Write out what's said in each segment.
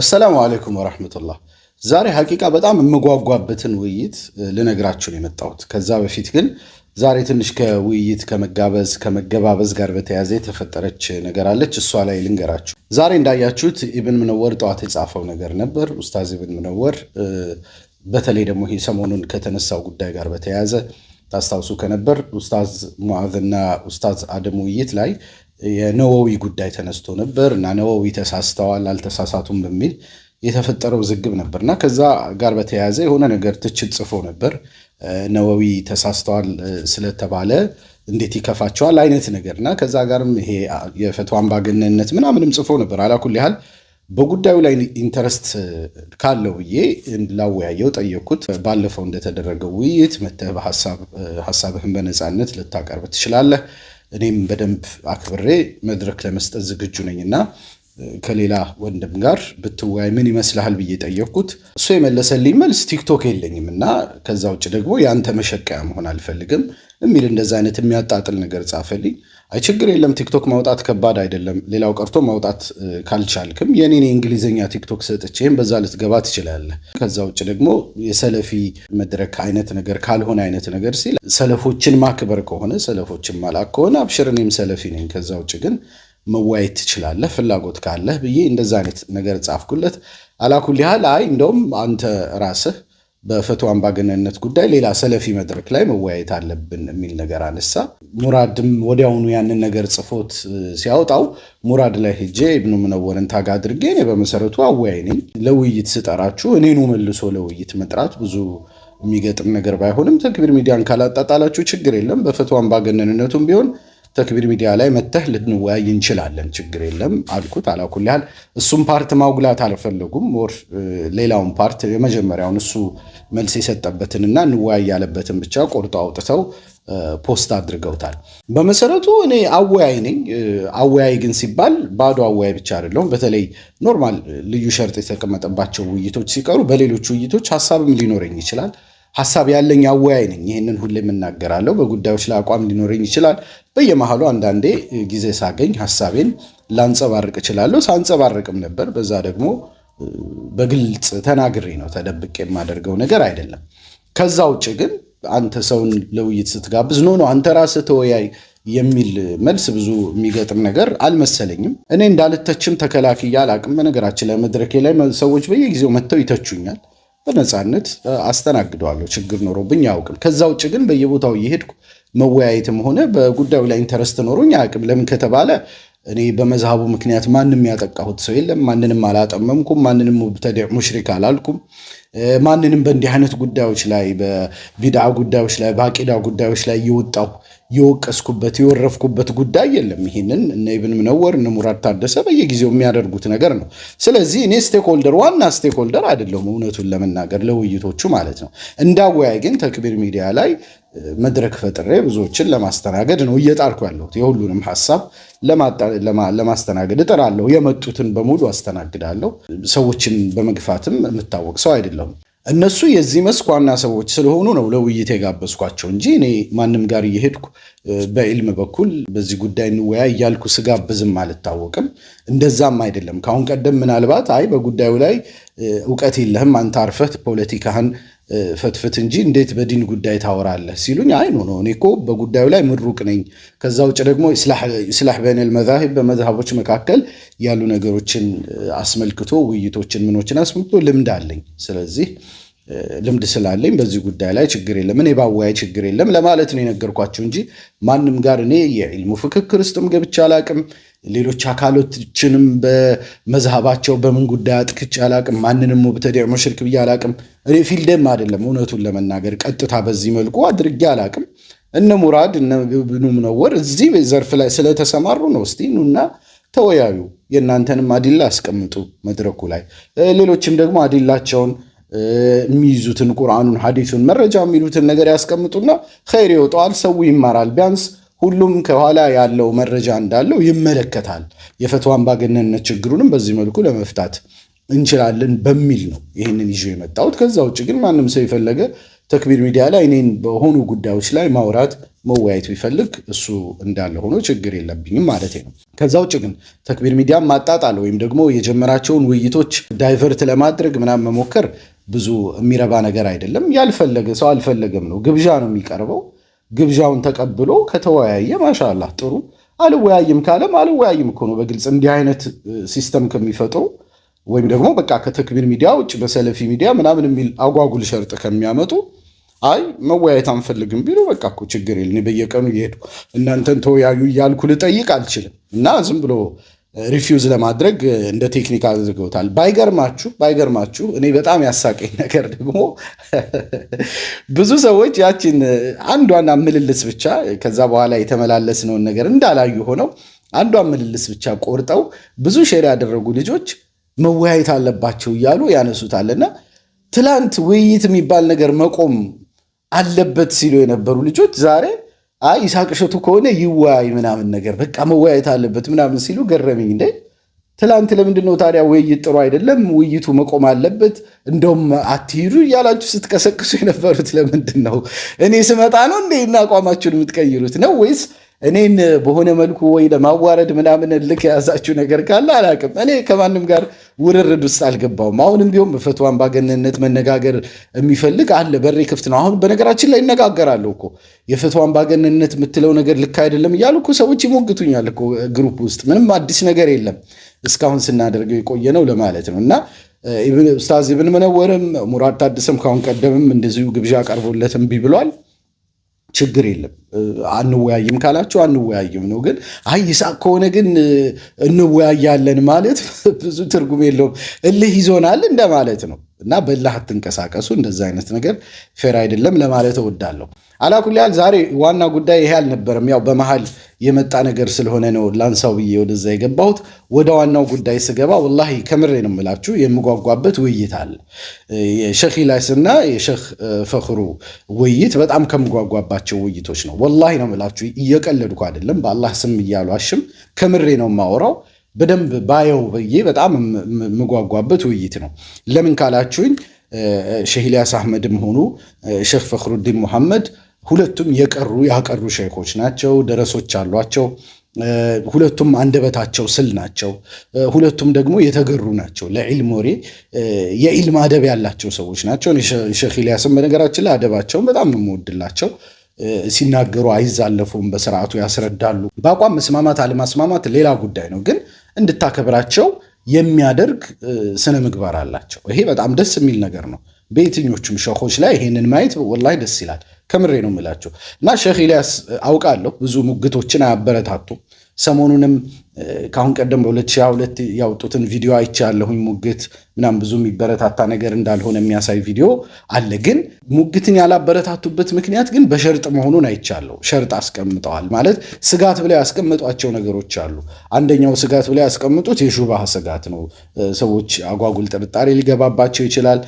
አሰላሙ አለይኩም ወራህመቱላህ። ዛሬ ሐቂቃ በጣም የምጓጓበትን ውይይት ልነግራችሁ ነው የመጣሁት። ከዛ በፊት ግን ዛሬ ትንሽ ከውይይት ከመጋበዝ ከመገባበዝ ጋር በተያያዘ የተፈጠረች ነገር አለች። እሷ ላይ ልንገራችሁ። ዛሬ እንዳያችሁት ኢብን ምነወር ጠዋት የጻፈው ነገር ነበር። ኡስታዝ ኢብን ምነወር በተለይ ደግሞ ይሄ ሰሞኑን ከተነሳው ጉዳይ ጋር በተያያዘ ታስታውሱ ከነበር ኡስታዝ ሙዓዝና ኡስታዝ አደም ውይይት ላይ የነወዊ ጉዳይ ተነስቶ ነበር እና ነወዊ ተሳስተዋል አልተሳሳቱም በሚል የተፈጠረው ዝግብ ነበር እና ከዛ ጋር በተያያዘ የሆነ ነገር ትችት ጽፎ ነበር። ነወዊ ተሳስተዋል ስለተባለ እንዴት ይከፋቸዋል አይነት ነገር እና ከዛ ጋርም ይሄ የፈቶ አምባገነንነት ምናምንም ጽፎ ነበር። አላኩል ያህል በጉዳዩ ላይ ኢንተረስት ካለው ብዬ ላወያየው ጠየቅኩት። ባለፈው እንደተደረገው ውይይት መተህ ሀሳብህን በነፃነት ልታቀርብ ትችላለህ እኔም በደንብ አክብሬ መድረክ ለመስጠት ዝግጁ ነኝና ከሌላ ወንድም ጋር ብትወያይ ምን ይመስልሃል ብዬ ጠየቅኩት። እሱ የመለሰልኝ መልስ ቲክቶክ የለኝም እና ከዛ ውጭ ደግሞ የአንተ መሸቀያ መሆን አልፈልግም የሚል እንደዚ አይነት የሚያጣጥል ነገር ጻፈልኝ። አይ ችግር የለም ቲክቶክ ማውጣት ከባድ አይደለም። ሌላው ቀርቶ ማውጣት ካልቻልክም የኔን የእንግሊዝኛ ቲክቶክ ሰጥቼም በዛ ልትገባ ትችላለህ። ከዛ ውጭ ደግሞ የሰለፊ መድረክ አይነት ነገር ካልሆነ አይነት ነገር ሲል ሰለፎችን ማክበር ከሆነ ሰለፎችን ማላክ ከሆነ አብሽር፣ እኔም ሰለፊ ነኝ። ከዛ ውጭ ግን መወያየት ትችላለህ ፍላጎት ካለህ ብዬ እንደዛ አይነት ነገር ጻፍኩለት። አላኩል አይ እንደውም አንተ ራስህ በፈቶ አምባገነንነት ጉዳይ ሌላ ሰለፊ መድረክ ላይ መወያየት አለብን የሚል ነገር አነሳ። ሙራድም ወዲያውኑ ያንን ነገር ጽፎት ሲያወጣው ሙራድ ላይ ሄጄ ኢብኑ ምነወርን ታጋ አድርጌ እኔ በመሰረቱ አወያይ ነኝ፣ ለውይይት ስጠራችሁ እኔኑ መልሶ ለውይይት መጥራት ብዙ የሚገጥም ነገር ባይሆንም ተክቢር ሚዲያን ካላጣጣላችሁ ችግር የለም። በፈቶ አምባገነንነቱም ቢሆን ተክቢር ሚዲያ ላይ መተህ ልንወያይ እንችላለን፣ ችግር የለም አልኩት። አላኩል ያህል እሱም ፓርት ማጉላት አልፈለጉም። ወር ሌላውን ፓርት የመጀመሪያውን እሱ መልስ የሰጠበትንና እንወያይ ያለበትን ብቻ ቆርጦ አውጥተው ፖስት አድርገውታል። በመሰረቱ እኔ አወያይ ነኝ። አወያይ ግን ሲባል ባዶ አወያይ ብቻ አይደለሁም። በተለይ ኖርማል ልዩ ሸርጥ የተቀመጠባቸው ውይይቶች ሲቀሩ በሌሎች ውይይቶች ሀሳብም ሊኖረኝ ይችላል ሀሳብ ያለኝ አወያይ ነኝ። ይህንን ሁሌ የምናገራለው በጉዳዮች ላይ አቋም ሊኖረኝ ይችላል። በየመሀሉ አንዳንዴ ጊዜ ሳገኝ ሀሳቤን ላንጸባርቅ እችላለሁ። ሳንጸባርቅም ነበር። በዛ ደግሞ በግልጽ ተናግሬ ነው። ተደብቅ የማደርገው ነገር አይደለም። ከዛ ውጭ ግን አንተ ሰውን ለውይይት ስትጋብዝ ኖ አንተ ራስህ ተወያይ የሚል መልስ ብዙ የሚገጥም ነገር አልመሰለኝም። እኔ እንዳልተችም ተከላክያ አላቅም። በነገራችን ለመድረኬ ላይ ሰዎች በየጊዜው መጥተው ይተቹኛል። በነፃነት አስተናግደዋለሁ። ችግር ኖሮብኝ አያውቅም። ከዛ ውጭ ግን በየቦታው እየሄድኩ መወያየትም ሆነ በጉዳዩ ላይ ኢንተረስት ኖሮኝ አያውቅም። ለምን ከተባለ እኔ በመዝሃቡ ምክንያት ማንም ያጠቃሁት ሰው የለም። ማንንም አላጠመምኩም። ማንንም ሙብተዲዕ ሙሽሪክ አላልኩም። ማንንም በእንዲህ አይነት ጉዳዮች ላይ በቢድዓ ጉዳዮች ላይ በአቂዳ ጉዳዮች ላይ እየወጣሁ የወቀስኩበት የወረፍኩበት ጉዳይ የለም። ይህንን እነ ኢብን ምነወር እነ ሙራድ ታደሰ በየጊዜው የሚያደርጉት ነገር ነው። ስለዚህ እኔ ስቴክሆልደር ዋና ስቴክሆልደር አይደለሁም፣ እውነቱን ለመናገር ለውይይቶቹ ማለት ነው። እንዳወያይ ግን ተክቢር ሚዲያ ላይ መድረክ ፈጥሬ ብዙዎችን ለማስተናገድ ነው እየጣርኩ ያለሁት። የሁሉንም ሀሳብ ለማስተናገድ እጥራለሁ። የመጡትን በሙሉ አስተናግዳለሁ። ሰዎችን በመግፋትም የምታወቅ ሰው አይደለሁም። እነሱ የዚህ መስክ ዋና ሰዎች ስለሆኑ ነው ለውይይት የጋበዝኳቸው እንጂ እኔ ማንም ጋር እየሄድኩ በኢልም በኩል በዚህ ጉዳይ እንወያይ እያልኩ ስጋብዝም አልታወቅም። እንደዛም አይደለም። ከአሁን ቀደም ምናልባት አይ በጉዳዩ ላይ እውቀት የለህም አንተ አርፈህ ፖለቲካህን ፈትፍት እንጂ እንዴት በዲን ጉዳይ ታወራለህ ሲሉኝ፣ አይ ኖ እኔ እኮ በጉዳዩ ላይ ምሩቅ ነኝ። ከዛ ውጭ ደግሞ ኢስላህ በይነል መዛሂብ በመዝሃቦች መካከል ያሉ ነገሮችን አስመልክቶ ውይይቶችን ምኖችን አስመልክቶ ልምድ አለኝ። ስለዚህ ልምድ ስላለኝ በዚህ ጉዳይ ላይ ችግር የለም፣ እኔ ባወያይ ችግር የለም ለማለት ነው የነገርኳቸው እንጂ ማንም ጋር እኔ የዕልሙ ፍክክር ውስጥም ገብቼ አላቅም። ሌሎች አካሎችንም በመዝሃባቸው በምን ጉዳይ አጥክቼ አላቅም። ማንንም ሙብተዲዕ ሙሽሪክ ብዬ አላቅም። እኔ ፊልደም አይደለም እውነቱን ለመናገር ቀጥታ በዚህ መልኩ አድርጌ አላቅም። እነ ሙራድ እነ ብኑ ምነወር እዚህ ዘርፍ ላይ ስለተሰማሩ ነው። እስቲ ኑና ተወያዩ፣ የእናንተንም አዲላ አስቀምጡ መድረኩ ላይ ሌሎችም ደግሞ አዲላቸውን የሚይዙትን ቁርአኑን፣ ሐዲሱን፣ መረጃ የሚሉትን ነገር ያስቀምጡና ኸይር ይወጣዋል። ሰው ይማራል። ቢያንስ ሁሉም ከኋላ ያለው መረጃ እንዳለው ይመለከታል። የፈትዋ አምባገነንነት ችግሩንም በዚህ መልኩ ለመፍታት እንችላለን በሚል ነው ይህንን ይዞ የመጣሁት። ከዛ ውጭ ግን ማንም ሰው የፈለገ ተክቢር ሚዲያ ላይ እኔን በሆኑ ጉዳዮች ላይ ማውራት መወያየት ቢፈልግ እሱ እንዳለ ሆኖ ችግር የለብኝም ማለት ነው። ከዛ ውጭ ግን ተክቢር ሚዲያ ማጣጣል ወይም ደግሞ የጀመራቸውን ውይይቶች ዳይቨርት ለማድረግ ምናምን መሞከር ብዙ የሚረባ ነገር አይደለም። ያልፈለገ ሰው አልፈለገም ነው። ግብዣ ነው የሚቀርበው። ግብዣውን ተቀብሎ ከተወያየ ማሻላ ጥሩ። አልወያይም ካለም አልወያይም እኮ ነው በግልጽ እንዲህ አይነት ሲስተም ከሚፈጥሩ ወይም ደግሞ በቃ ከተክቢር ሚዲያ ውጭ በሰለፊ ሚዲያ ምናምን የሚል አጓጉል ሸርጥ ከሚያመጡ አይ መወያየት አንፈልግም ቢሉ በቃ እኮ ችግር የለ። በየቀኑ እየሄዱ እናንተን ተወያዩ እያልኩ ልጠይቅ አልችልም እና ዝም ብሎ ሪፊውዝ ለማድረግ እንደ ቴክኒክ አድርገውታል። ባይገርማችሁ ባይገርማችሁ እኔ በጣም ያሳቀኝ ነገር ደግሞ ብዙ ሰዎች ያችን አንዷን ምልልስ ብቻ ከዛ በኋላ የተመላለስነውን ነገር እንዳላዩ ሆነው አንዷን ምልልስ ብቻ ቆርጠው ብዙ ሼር ያደረጉ ልጆች መወያየት አለባቸው እያሉ ያነሱታልና ትላንት ውይይት የሚባል ነገር መቆም አለበት ሲሉ የነበሩ ልጆች ዛሬ አይ እሸቱ ከሆነ ይወያይ ምናምን ነገር በቃ መወያየት አለበት ምናምን ሲሉ ገረመኝ እንዴ ትላንት ለምንድን ነው ታዲያ ውይይት ጥሩ አይደለም፣ ውይይቱ መቆም አለበት፣ እንደውም አትሄዱ እያላችሁ ስትቀሰቅሱ የነበሩት ለምንድን ነው? እኔ ስመጣ ነው እንዴ እና አቋማችሁን የምትቀይሩት ነው ወይስ እኔን በሆነ መልኩ ወይ ለማዋረድ ምናምን ልክ የያዛችሁ ነገር ካለ አላቅም። እኔ ከማንም ጋር ውርርድ ውስጥ አልገባውም። አሁንም ቢሆን በፈቱ አምባገነንነት መነጋገር የሚፈልግ አለ፣ በሬ ክፍት ነው። አሁን በነገራችን ላይ እነጋገራለሁ እኮ የፈቱ አምባገነንነት የምትለው ነገር ልክ አይደለም እያሉ እኮ ሰዎች ይሞግቱኛል እኮ ግሩፕ ውስጥ ምንም አዲስ ነገር የለም። እስካሁን ስናደርገው የቆየ ነው ለማለት ነው እና ኡስታዝ ኢብን መነወርም ሙራድ ታድስም ካሁን ቀደምም እንደዚሁ ግብዣ ቀርቦለትም ቢ ብሏል። ችግር የለም አንወያይም ካላችሁ አንወያይም ነው። ግን አይ ይሳቅ ከሆነ ግን እንወያያለን ማለት ብዙ ትርጉም የለውም፣ እልህ ይዞናል እንደማለት ነው እና በላህ አትንቀሳቀሱ። እንደዚ አይነት ነገር ፌር አይደለም ለማለት እወዳለሁ። አላኩልያል ዛሬ ዋና ጉዳይ ይሄ አልነበረም። ያው በመሀል የመጣ ነገር ስለሆነ ነው ላንሳው ብዬ ወደዛ የገባሁት። ወደ ዋናው ጉዳይ ስገባ ወላሂ ከምሬ ነው የምላችሁ የምጓጓበት ውይይት አለ። የሼኽ እና የሼኽ ፈኽሩ ውይይት በጣም ከምጓጓባቸው ውይይቶች ነው። ወላሂ ነው የምላችሁ፣ እየቀለድኩ አይደለም። በአላህ ስም እያሉ አሽም ከምሬ ነው የማወራው። በደንብ ባየው ብዬ በጣም የምጓጓበት ውይይት ነው። ለምን ካላችሁኝ ሼህ ኢልያስ አህመድም ሆኑ ሼኽ ፈኽሩዲን ሙሐመድ ሁለቱም የቀሩ ያቀሩ ሼኮች ናቸው። ደረሶች አሏቸው። ሁለቱም አንደበታቸው ስል ናቸው። ሁለቱም ደግሞ የተገሩ ናቸው። ለዒልም ወሬ የዒልም አደብ ያላቸው ሰዎች ናቸው። ሼክ ኢልያስም በነገራችን ላይ አደባቸውን በጣም ነው የምወድላቸው። ሲናገሩ አይዛለፉም፣ በስርዓቱ ያስረዳሉ። በአቋም መስማማት አለማስማማት ሌላ ጉዳይ ነው፣ ግን እንድታከብራቸው የሚያደርግ ስነ ምግባር አላቸው። ይሄ በጣም ደስ የሚል ነገር ነው። በየትኞቹም ሸኾች ላይ ይሄንን ማየት ወላሂ ደስ ይላል። ከምሬ ነው የምላቸው እና ሼክ ኢልያስ አውቃለሁ ብዙ ሙግቶችን አያበረታቱም። ሰሞኑንም ከአሁን ቀደም በ2022 ያወጡትን ቪዲዮ አይቻለሁኝ። ሙግት ምናም ብዙ የሚበረታታ ነገር እንዳልሆነ የሚያሳይ ቪዲዮ አለ። ግን ሙግትን ያላበረታቱበት ምክንያት ግን በሸርጥ መሆኑን አይቻለሁ። ሸርጥ አስቀምጠዋል ማለት ስጋት ብላ ያስቀምጧቸው ነገሮች አሉ። አንደኛው ስጋት ብላ ያስቀምጡት የሹባህ ስጋት ነው። ሰዎች አጓጉል ጥርጣሬ ሊገባባቸው ይችላል።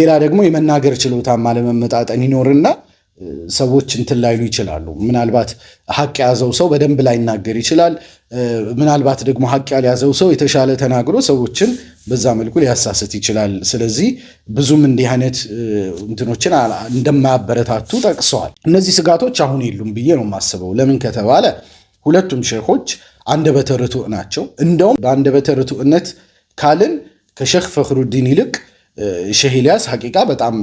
ሌላ ደግሞ የመናገር ችሎታ አለመመጣጠን ይኖርና ሰዎች እንትን ላይሉ ይችላሉ። ምናልባት ሀቅ የያዘው ሰው በደንብ ላይናገር ይችላል። ምናልባት ደግሞ ሀቅ ያልያዘው ሰው የተሻለ ተናግሮ ሰዎችን በዛ መልኩ ሊያሳስት ይችላል። ስለዚህ ብዙም እንዲህ አይነት እንትኖችን እንደማያበረታቱ ጠቅሰዋል። እነዚህ ስጋቶች አሁን የሉም ብዬ ነው የማስበው። ለምን ከተባለ ሁለቱም ሼኮች አንደበተ ርቱዕ ናቸው። እንደውም በአንደበተ ርቱዕነት ካልን ከሼክ ፈክሩዲን ይልቅ ሼህ ኢልያስ ሐቂቃ በጣም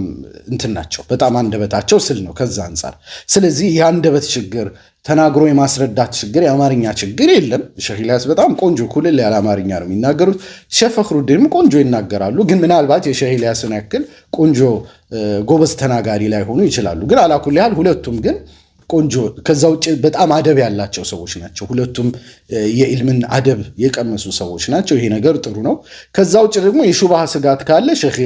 እንትን ናቸው። በጣም አንደበታቸው ስል ነው ከዛ አንጻር። ስለዚህ የአንደበት ችግር ተናግሮ የማስረዳት ችግር የአማርኛ ችግር የለም። ሼህ ኢልያስ በጣም ቆንጆ ኩልል ያለ አማርኛ ነው የሚናገሩት። ሼህ ፈክሩዲንም ቆንጆ ይናገራሉ፣ ግን ምናልባት የሼህ ኢልያስን ያክል ቆንጆ ጎበዝ ተናጋሪ ላይሆኑ ይችላሉ። ግን አላኩል ያህል ሁለቱም ግን ቆንጆ ከዛ ውጭ በጣም አደብ ያላቸው ሰዎች ናቸው። ሁለቱም የኢልምን አደብ የቀመሱ ሰዎች ናቸው። ይሄ ነገር ጥሩ ነው። ከዛ ውጭ ደግሞ የሹባሃ ስጋት ካለ ሼክ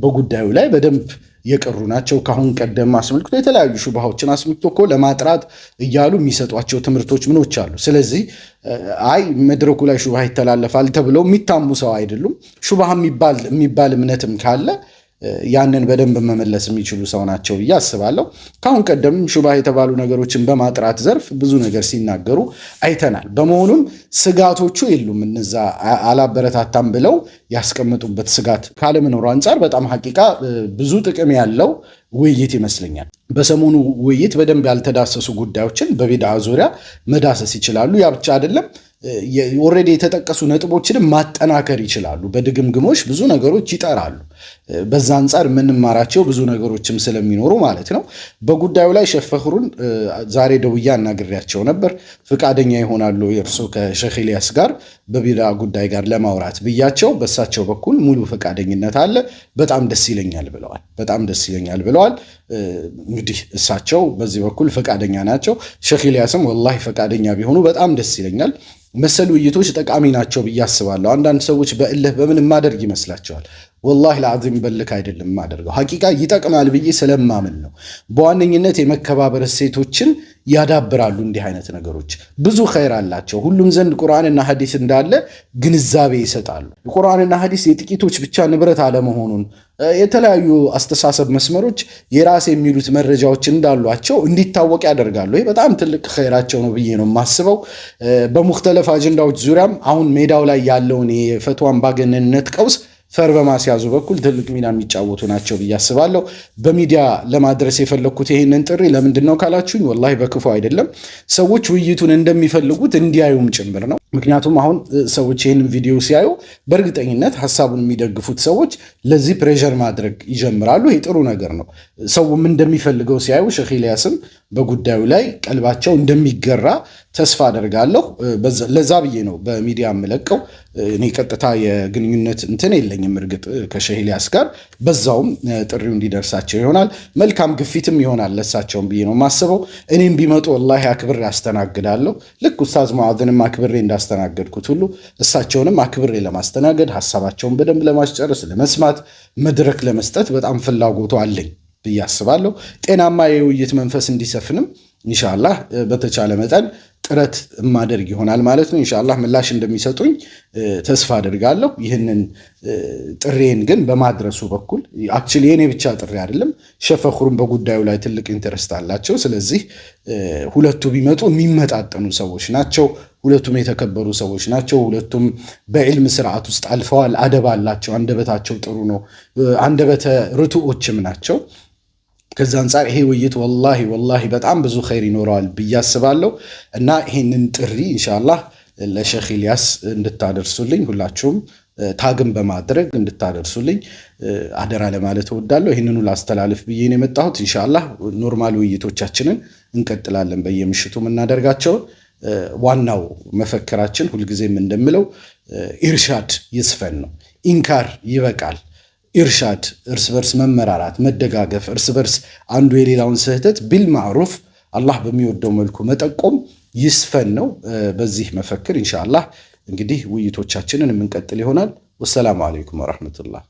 በጉዳዩ ላይ በደንብ የቀሩ ናቸው። ከአሁን ቀደም አስመልክቶ የተለያዩ ሹባሃዎችን አስመልክቶ እኮ ለማጥራት እያሉ የሚሰጧቸው ትምህርቶች ምኖች አሉ። ስለዚህ አይ መድረኩ ላይ ሹባሃ ይተላለፋል ተብለው የሚታሙ ሰው አይደሉም። ሹባሃ የሚባል እምነትም ካለ ያንን በደንብ መመለስ የሚችሉ ሰው ናቸው ብዬ አስባለሁ። ከአሁን ቀደም ሹባህ የተባሉ ነገሮችን በማጥራት ዘርፍ ብዙ ነገር ሲናገሩ አይተናል። በመሆኑም ስጋቶቹ የሉም። እነዛ አላበረታታም ብለው ያስቀመጡበት ስጋት ካለመኖሩ አንጻር በጣም ሀቂቃ ብዙ ጥቅም ያለው ውይይት ይመስለኛል። በሰሞኑ ውይይት በደንብ ያልተዳሰሱ ጉዳዮችን በቢድዓ ዙሪያ መዳሰስ ይችላሉ። ያ ብቻ አይደለም ኦልሬዲ የተጠቀሱ ነጥቦችንም ማጠናከር ይችላሉ። በድግምግሞች ብዙ ነገሮች ይጠራሉ። በዛ አንጻር የምንማራቸው ብዙ ነገሮችም ስለሚኖሩ ማለት ነው። በጉዳዩ ላይ ሼህ ፈኽሩን ዛሬ ደውዬ አናግሬያቸው ነበር። ፍቃደኛ ይሆናሉ እርሱ ከሼህ ኢልያስ ጋር በቢድዓ ጉዳይ ጋር ለማውራት ብያቸው፣ በእሳቸው በኩል ሙሉ ፈቃደኝነት አለ። በጣም ደስ ይለኛል ብለዋል። በጣም ደስ ይለኛል ብለዋል። እንግዲህ እሳቸው በዚህ በኩል ፈቃደኛ ናቸው። ሼህ ኢልያስም ወላሂ ፈቃደኛ ቢሆኑ በጣም ደስ ይለኛል። መሰል ውይይቶች ጠቃሚ ናቸው ብዬ አስባለሁ። አንዳንድ ሰዎች በእልህ በምን ማደርግ ይመስላቸዋል። ወላሂ ለአዚም በልክ አይደለም ማደርገው ሀቂቃ ይጠቅማል ብዬ ስለማምን ነው። በዋነኝነት የመከባበር እሴቶችን ያዳብራሉ። እንዲህ አይነት ነገሮች ብዙ ኸይር አላቸው። ሁሉም ዘንድ ቁርአንና ሀዲስ እንዳለ ግንዛቤ ይሰጣሉ። ቁርአንና ሀዲስ የጥቂቶች ብቻ ንብረት አለመሆኑን የተለያዩ አስተሳሰብ መስመሮች የራሴ የሚሉት መረጃዎች እንዳሏቸው እንዲታወቅ ያደርጋሉ። ይህ በጣም ትልቅ ኸይራቸው ነው ብዬ ነው የማስበው። በሙክተለፍ አጀንዳዎች ዙሪያም አሁን ሜዳው ላይ ያለውን የፈትዋን ባገነንነት ቀውስ ፈር በማስያዙ በኩል ትልቅ ሚና የሚጫወቱ ናቸው ብዬ አስባለሁ። በሚዲያ ለማድረስ የፈለግኩት ይህንን ጥሪ ለምንድን ነው ካላችሁኝ፣ ወላሂ በክፉ አይደለም። ሰዎች ውይይቱን እንደሚፈልጉት እንዲያዩም ጭምር ነው። ምክንያቱም አሁን ሰዎች ይህንን ቪዲዮ ሲያዩ በእርግጠኝነት ሀሳቡን የሚደግፉት ሰዎች ለዚህ ፕሬዠር ማድረግ ይጀምራሉ። ይህ ጥሩ ነገር ነው። ሰውም እንደሚፈልገው ሲያዩ ሼህ በጉዳዩ ላይ ቀልባቸው እንደሚገራ ተስፋ አደርጋለሁ። ለዛ ብዬ ነው በሚዲያ የምለቀው። እኔ ቀጥታ የግንኙነት እንትን የለኝም እርግጥ ከሼህ ጋር በዛውም ጥሪው እንዲደርሳቸው ይሆናል። መልካም ግፊትም ይሆናል ለሳቸውም ብዬ ነው የማስበው። እኔም ቢመጡ ወላሂ አክብሬ አስተናግዳለሁ። ልክ ኡስታዝ ሙዓዝንም አክብሬ እንዳስ እንዳስተናገድኩት ሁሉ እሳቸውንም አክብሬ ለማስተናገድ ሀሳባቸውን በደንብ ለማስጨረስ ለመስማት መድረክ ለመስጠት በጣም ፍላጎቱ አለኝ ብዬ አስባለሁ። ጤናማ የውይይት መንፈስ እንዲሰፍንም ኢንሻላህ በተቻለ መጠን ጥረት ማደርግ ይሆናል ማለት ነው። ኢንሻላህ ምላሽ እንደሚሰጡኝ ተስፋ አድርጋለሁ። ይህንን ጥሬን ግን በማድረሱ በኩል አክቹዋሊ የኔ ብቻ ጥሬ አይደለም፣ ሸፈክሩም በጉዳዩ ላይ ትልቅ ኢንተረስት አላቸው። ስለዚህ ሁለቱ ቢመጡ የሚመጣጠኑ ሰዎች ናቸው። ሁለቱም የተከበሩ ሰዎች ናቸው። ሁለቱም በዕልም ስርዓት ውስጥ አልፈዋል። አደብ አላቸው። አንደበታቸው ጥሩ ነው። አንደበተ ርቱዎችም ናቸው። ከዛ አንጻር ይሄ ውይይት ወላሂ ወላሂ በጣም ብዙ ኸይር ይኖረዋል ብዬ አስባለሁ እና ይህንን ጥሪ እንሻላ ለሼኽ ኢልያስ እንድታደርሱልኝ ሁላችሁም ታግም በማድረግ እንድታደርሱልኝ አደራ ለማለት እወዳለሁ። ይህንኑ ላስተላልፍ ብዬ ነው የመጣሁት። እንሻላ ኖርማል ውይይቶቻችንን እንቀጥላለን በየምሽቱ የምናደርጋቸውን ዋናው መፈክራችን ሁልጊዜም እንደምለው ኢርሻድ ይስፈን ነው። ኢንካር ይበቃል። ኢርሻድ እርስ በርስ መመራራት፣ መደጋገፍ፣ እርስ በርስ አንዱ የሌላውን ስህተት ቢልማዕሩፍ አላህ በሚወደው መልኩ መጠቆም ይስፈን ነው በዚህ መፈክር። እንሻላ እንግዲህ ውይይቶቻችንን የምንቀጥል ይሆናል። ወሰላሙ አለይኩም ወረሕመቱላህ።